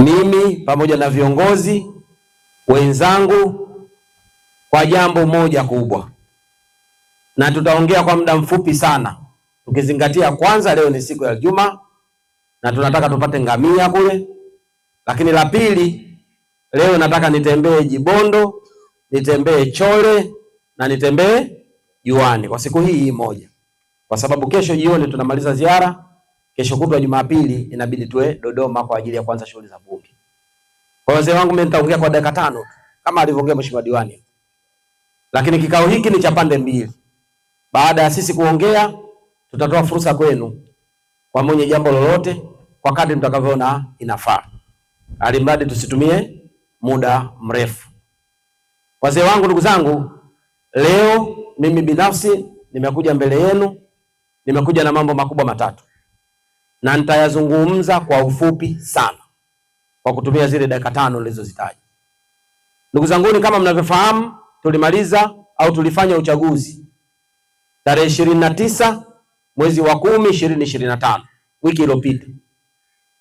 mimi pamoja na viongozi wenzangu kwa jambo moja kubwa, na tutaongea kwa muda mfupi sana, tukizingatia kwanza, leo ni siku ya juma na tunataka tupate ngamia kule, lakini la pili, leo nataka nitembee Jibondo, nitembee Chole na nitembee Juani kwa siku hii hii moja, kwa sababu kesho jioni tunamaliza ziara kesho kutwa Jumapili inabidi tuwe Dodoma kwa ajili ya kuanza shughuli za bunge. Kwa wazee wangu, mimi nitaongea kwa dakika tano kama alivyoongea mheshimiwa diwani, lakini kikao hiki ni cha pande mbili. Baada ya sisi kuongea, tutatoa fursa kwenu kwa mwenye jambo lolote kwa kadri mtakavyoona inafaa, alimradi tusitumie muda mrefu. Wazee wangu, ndugu zangu, leo mimi binafsi nimekuja mbele yenu, nimekuja na mambo makubwa matatu na nitayazungumza kwa ufupi sana kwa kutumia zile dakika tano nilizozitaja. Ndugu zanguni, kama mnavyofahamu, tulimaliza au tulifanya uchaguzi tarehe ishirini na tisa mwezi wa kumi ishirini ishirini na tano wiki iliyopita.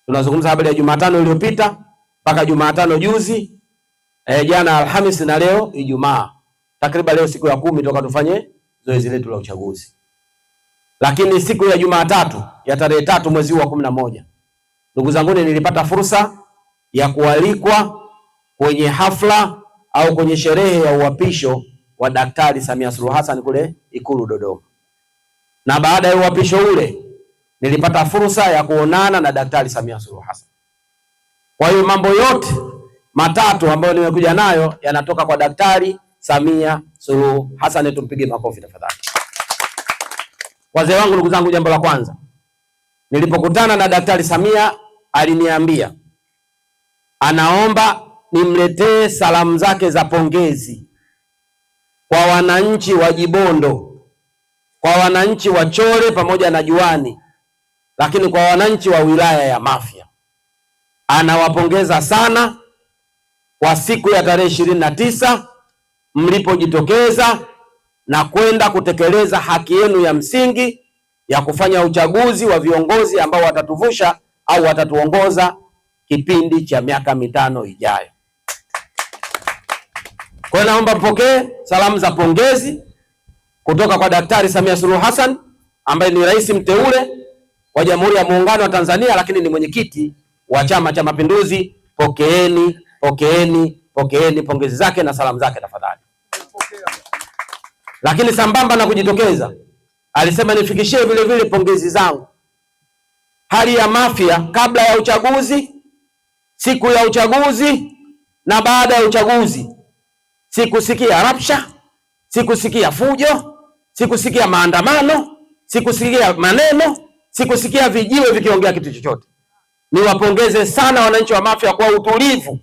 Tunazungumza habari ya Jumatano iliyopita mpaka Jumatano juzi, eh, jana Alhamisi na leo Ijumaa, takriban leo siku ya kumi toka tufanye zoezi letu la uchaguzi. Lakini siku ya Jumatatu ya tarehe tatu mwezi wa kumi na moja, ndugu zanguni, nilipata fursa ya kualikwa kwenye hafla au kwenye sherehe ya uapisho wa Daktari Samia Suluhu Hassan kule Ikulu Dodoma, na baada ya uapisho ule nilipata fursa ya kuonana na Daktari Samia Suluhu Hassan. Kwa hiyo mambo yote matatu ambayo nimekuja nayo yanatoka kwa Daktari Samia Suluhu Hassan. Tumpige makofi tafadhali. Wazee wangu, ndugu zangu, jambo la kwanza nilipokutana na Daktari Samia aliniambia anaomba nimletee salamu zake za pongezi kwa wananchi wa Jibondo, kwa wananchi wa Chole pamoja na Juani, lakini kwa wananchi wa wilaya ya Mafia anawapongeza sana kwa siku ya tarehe ishirini na tisa mlipojitokeza na kwenda kutekeleza haki yenu ya msingi ya kufanya uchaguzi wa viongozi ambao watatuvusha au watatuongoza kipindi cha miaka mitano ijayo. Kwa naomba mpokee salamu za pongezi kutoka kwa Daktari Samia Suluhu Hassan ambaye ni rais mteule wa Jamhuri ya Muungano wa Tanzania, lakini ni mwenyekiti wa Chama cha Mapinduzi. Pokeeni, pokeeni, pokeeni pongezi zake na salamu zake tafadhali. Lakini sambamba na kujitokeza, alisema nifikishie vile vile pongezi zangu. Hali ya Mafia kabla ya uchaguzi, siku ya uchaguzi na baada ya uchaguzi, sikusikia rapsha, sikusikia fujo, sikusikia maandamano, sikusikia maneno, sikusikia vijiwe vikiongea kitu chochote. Niwapongeze sana wananchi wa Mafia kwa utulivu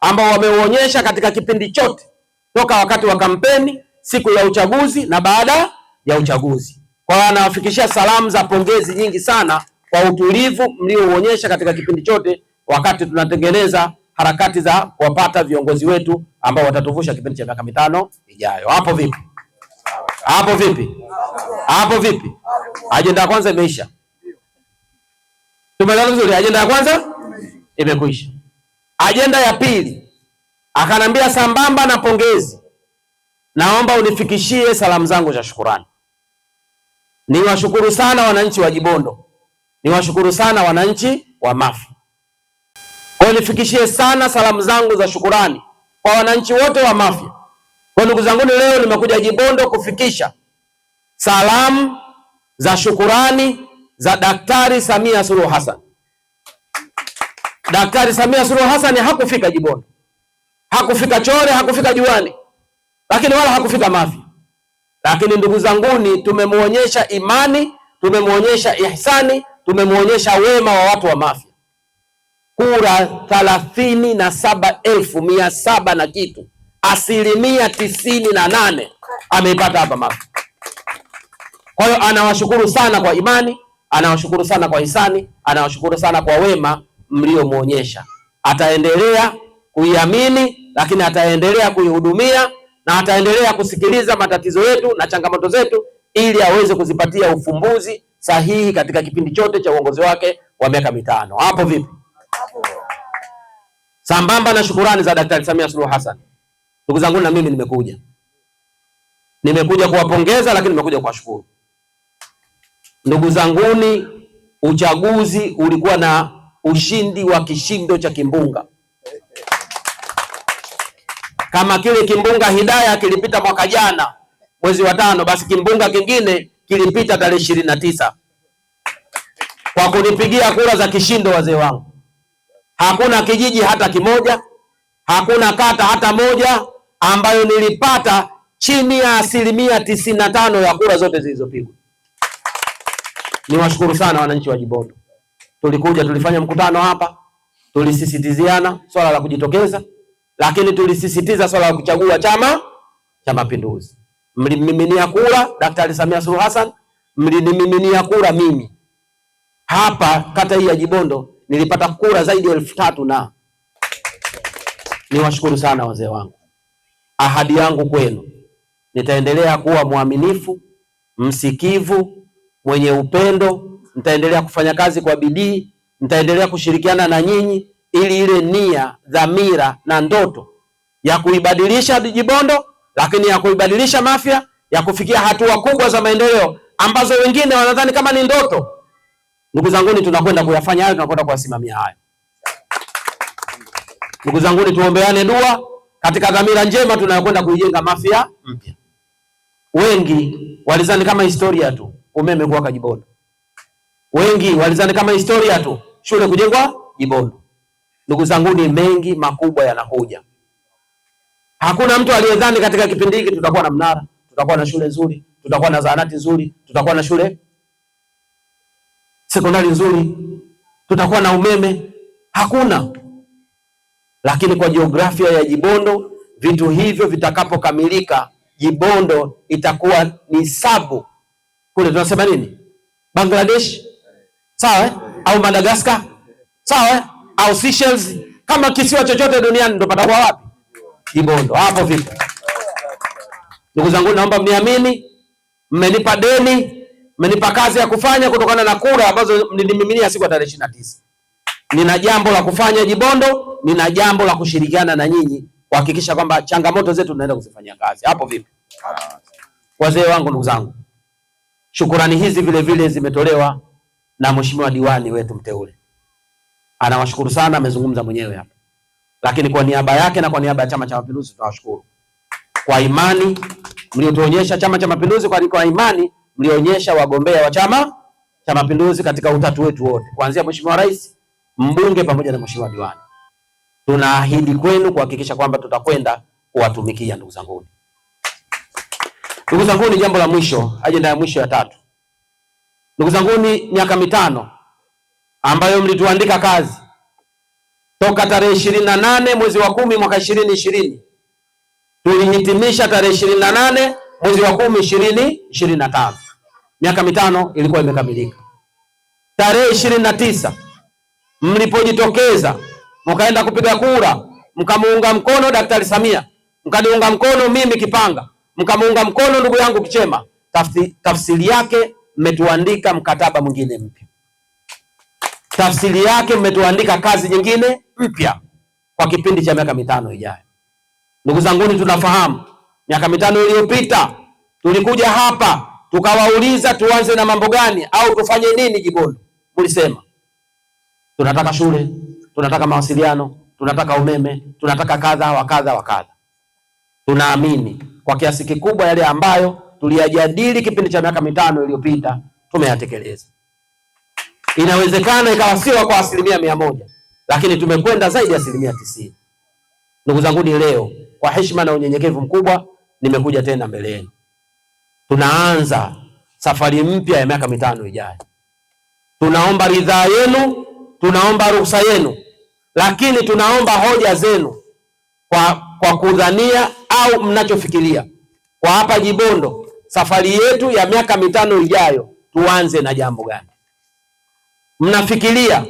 ambao wameuonyesha katika kipindi chote toka wakati wa kampeni siku ya uchaguzi na baada ya uchaguzi. Kwa hiyo anawafikishia salamu za pongezi nyingi sana kwa utulivu mlioonyesha katika kipindi chote wakati tunatengeneza harakati za kuwapata viongozi wetu ambao watatuvusha kipindi cha miaka mitano ijayo. Hapo vipi? Hapo vipi? Hapo vipi? Ajenda ya kwanza imeisha. Tumeelewa vizuri, ajenda ya kwanza imekwisha. Ajenda ya pili akanambia, sambamba na pongezi Naomba unifikishie salamu zangu za shukurani. Niwashukuru sana wananchi wa Jibondo, niwashukuru sana wananchi wa Mafi. Kwa nifikishie sana salamu zangu za shukurani kwa wananchi wote wa Mafi. Kwa ndugu zangu, leo nimekuja Jibondo kufikisha salamu za shukurani za Daktari Samia Suluhu Hassan. Daktari Samia Suluhu Hassan hakufika Jibondo, hakufika Chore, hakufika Juani lakini wala hakufika mafi. Lakini ndugu zanguni, tumemwonyesha imani, tumemwonyesha ihsani, tumemwonyesha wema wa watu wa Mafia. Kura thalathini na saba elfu mia saba na kitu, asilimia tisini na nane ameipata hapa Mafia. Kwa hiyo anawashukuru sana kwa imani, anawashukuru sana kwa hisani, anawashukuru sana kwa wema mliomwonyesha. Ataendelea kuiamini, lakini ataendelea kuihudumia na ataendelea kusikiliza matatizo yetu na changamoto zetu ili aweze kuzipatia ufumbuzi sahihi katika kipindi chote cha uongozi wake wa miaka mitano. Hapo vipi? Sambamba na shukurani za Daktari Samia Suluhu Hassan, ndugu zangu, na mimi nimekuja nimekuja kuwapongeza, lakini nimekuja kuwashukuru ndugu zanguni. Uchaguzi ulikuwa na ushindi wa kishindo cha kimbunga. Kama kile kimbunga Hidaya kilipita mwaka jana mwezi wa tano, basi kimbunga kingine kilipita tarehe ishirini na tisa kwa kunipigia kura za kishindo. Wazee wangu, hakuna kijiji hata kimoja, hakuna kata hata moja ambayo nilipata chini ya asilimia tisini na tano ya kura zote zilizopigwa. Niwashukuru sana wananchi wa Jibondo, tulikuja tulifanya mkutano hapa, tulisisitiziana swala la kujitokeza lakini tulisisitiza swala la kuchagua Chama cha Mapinduzi. Mlimiminia kura Daktari Samia Suluhu Hassan, mlinimiminia kura mimi. Hapa kata hii ya Jibondo nilipata kura zaidi ya elfu tatu na niwashukuru sana wazee wangu. Ahadi yangu kwenu, nitaendelea kuwa mwaminifu, msikivu, mwenye upendo, nitaendelea kufanya kazi kwa bidii, nitaendelea kushirikiana na nyinyi ili ile nia, dhamira na ndoto ya kuibadilisha Jibondo, lakini ya kuibadilisha Mafia, ya kufikia hatua kubwa za maendeleo ambazo wengine wanadhani kama ni ndoto. Ndugu zanguni, tunakwenda kuyafanya hayo, tunakwenda kuyasimamia hayo. Ndugu zanguni, tuombeane dua katika dhamira njema tunayokwenda kuijenga Mafia mpya. Wengi walizani kama historia tu umeme kuwaka Jibondo, wengi walizani kama historia tu shule kujengwa Jibondo. Ndugu zangu ni mengi makubwa yanakuja. Hakuna mtu aliyedhani katika kipindi hiki tutakuwa na mnara, tutakuwa na shule nzuri, tutakuwa na zahanati nzuri, tutakuwa na shule sekondari nzuri, tutakuwa na umeme. Hakuna. Lakini kwa jiografia ya Jibondo, vitu hivyo vitakapokamilika, Jibondo itakuwa ni sabu kule, tunasema nini, Bangladesh sawa, eh? au Madagaskar sawa eh? au Seychelles, kama kisiwa chochote duniani ndo patakuwa wapi? Kibondo. Hapo vipo. Ndugu zangu, naomba mniamini, mmenipa deni, mmenipa kazi ya kufanya kutokana na kura ambazo mlinimiminia siku ya tarehe ishirini na tisa. Nina jambo la kufanya Jibondo, nina jambo la kushirikiana na nyinyi kuhakikisha kwamba changamoto zetu tunaenda kuzifanyia kazi. Hapo vipi? Wazee wangu, ndugu zangu, shukurani hizi vile vile zimetolewa na mheshimiwa diwani wetu mteule. Anawashukuru sana, amezungumza mwenyewe hapa, lakini kwa niaba yake na kwa niaba ya Chama cha Mapinduzi tunawashukuru kwa imani mliotuonyesha Chama cha Mapinduzi, kwa imani mlionyesha wagombea wa Chama cha Mapinduzi katika utatu wetu wote, kuanzia Mheshimiwa Rais, mbunge pamoja na Mheshimiwa diwani. Tunaahidi kwenu kuhakikisha kwamba tutakwenda kuwatumikia ndugu zangu. Ndugu zangu, ni jambo la mwisho, ajenda ya mwisho ya tatu. Ndugu zangu, miaka mitano ambayo mlituandika kazi toka tarehe ishirini na nane mwezi wa kumi mwaka ishirini ishirini tulihitimisha tarehe ishirini na nane mwezi wa kumi ishirini ishirini na tano miaka mitano ilikuwa imekamilika. Tarehe ishirini na tisa mlipojitokeza mkaenda kupiga kura, mkamuunga mkono Daktari Samia, mkaniunga mkono mimi Kipanga, mkamuunga mkono ndugu yangu Kichema, tafsiri yake mmetuandika mkataba mwingine mpya. Tafsiri yake mmetuandika kazi nyingine mpya kwa kipindi cha miaka mitano ijayo. Ndugu zanguni, tunafahamu miaka mitano iliyopita tulikuja hapa tukawauliza tuanze na mambo gani au tufanye nini Kibondo. Mlisema tunataka shule, tunataka mawasiliano, tunataka umeme, tunataka kadha wa kadha wa kadha. Tunaamini kwa kiasi kikubwa yale ambayo tuliyajadili kipindi cha miaka mitano iliyopita tumeyatekeleza. Inawezekana ikawa sio kwa asilimia mia moja, lakini tumekwenda zaidi ya asilimia tisini. Ndugu zangu ni leo kwa heshima na unyenyekevu mkubwa nimekuja tena mbele yenu. Tunaanza safari mpya ya miaka mitano ijayo. Tunaomba ridhaa yenu, tunaomba ruhusa yenu, lakini tunaomba hoja zenu kwa, kwa kudhania au mnachofikiria kwa hapa Jibondo, safari yetu ya miaka mitano ijayo tuanze na jambo gani? mnafikiria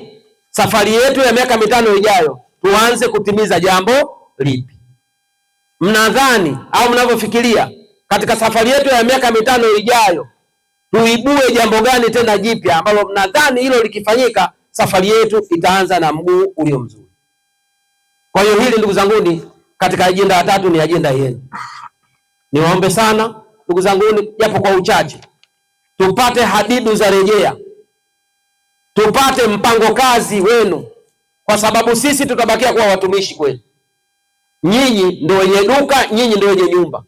safari yetu ya miaka mitano ijayo tuanze kutimiza jambo lipi? Mnadhani au mnavyofikiria katika safari yetu ya miaka mitano ijayo tuibue jambo gani tena jipya ambalo mnadhani hilo likifanyika safari yetu itaanza na mguu ulio mzuri? Kwa hiyo hili ndugu zanguni, katika ajenda ya tatu ni ajenda yenu. Niwaombe sana ndugu zanguni, japo kwa uchache tupate hadidu za rejea tupate mpango kazi wenu, kwa sababu sisi tutabakia kuwa watumishi kwenu. Nyinyi ndio wenye duka, nyinyi ndio wenye nyumba.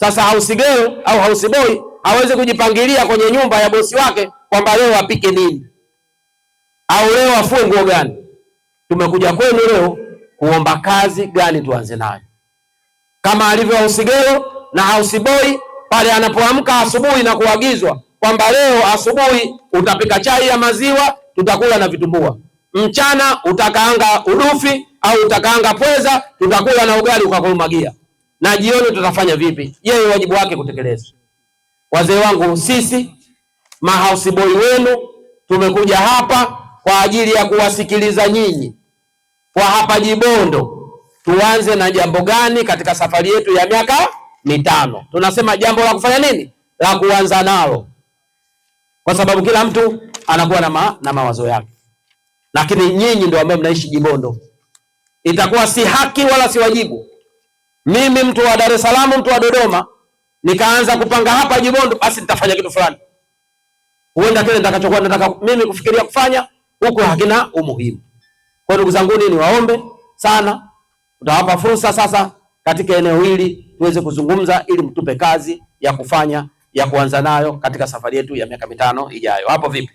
Sasa house girl au house boy hawezi kujipangilia kwenye nyumba ya bosi wake kwamba leo apike nini au leo afue nguo gani. Tumekuja kwenu leo kuomba kazi gani tuanze nayo, kama alivyo house girl na house boy pale anapoamka asubuhi na kuagizwa kwamba leo asubuhi utapika chai ya maziwa, tutakula na vitumbua. Mchana utakaanga udufi au utakaanga pweza, tutakula na ugali ukakurumagia, na jioni tutafanya vipi? Yeye wajibu wake kutekeleza. Wazee wangu, sisi mahausi boy wenu tumekuja hapa kwa ajili ya kuwasikiliza nyinyi kwa hapa Jibondo. Tuanze na jambo gani katika safari yetu ya miaka mitano? Tunasema jambo la kufanya nini, la kuanza nalo kwa sababu kila mtu anakuwa na, ma, na mawazo yake, lakini nyinyi ndio ambao mnaishi Jimbondo, itakuwa si haki wala si wajibu mimi mtu wa Dar es Salaam, mtu wa Dodoma nikaanza kupanga hapa Jimbondo, basi nitafanya kitu fulani. Huenda kile nitakachokuwa nataka mimi kufikiria kufanya huko hakina umuhimu. Kwa ndugu zangu, ni waombe sana, utawapa fursa sasa katika eneo hili tuweze kuzungumza, ili mtupe kazi ya kufanya ya kuanza nayo katika safari yetu ya miaka mitano ijayo. Hapo vipi?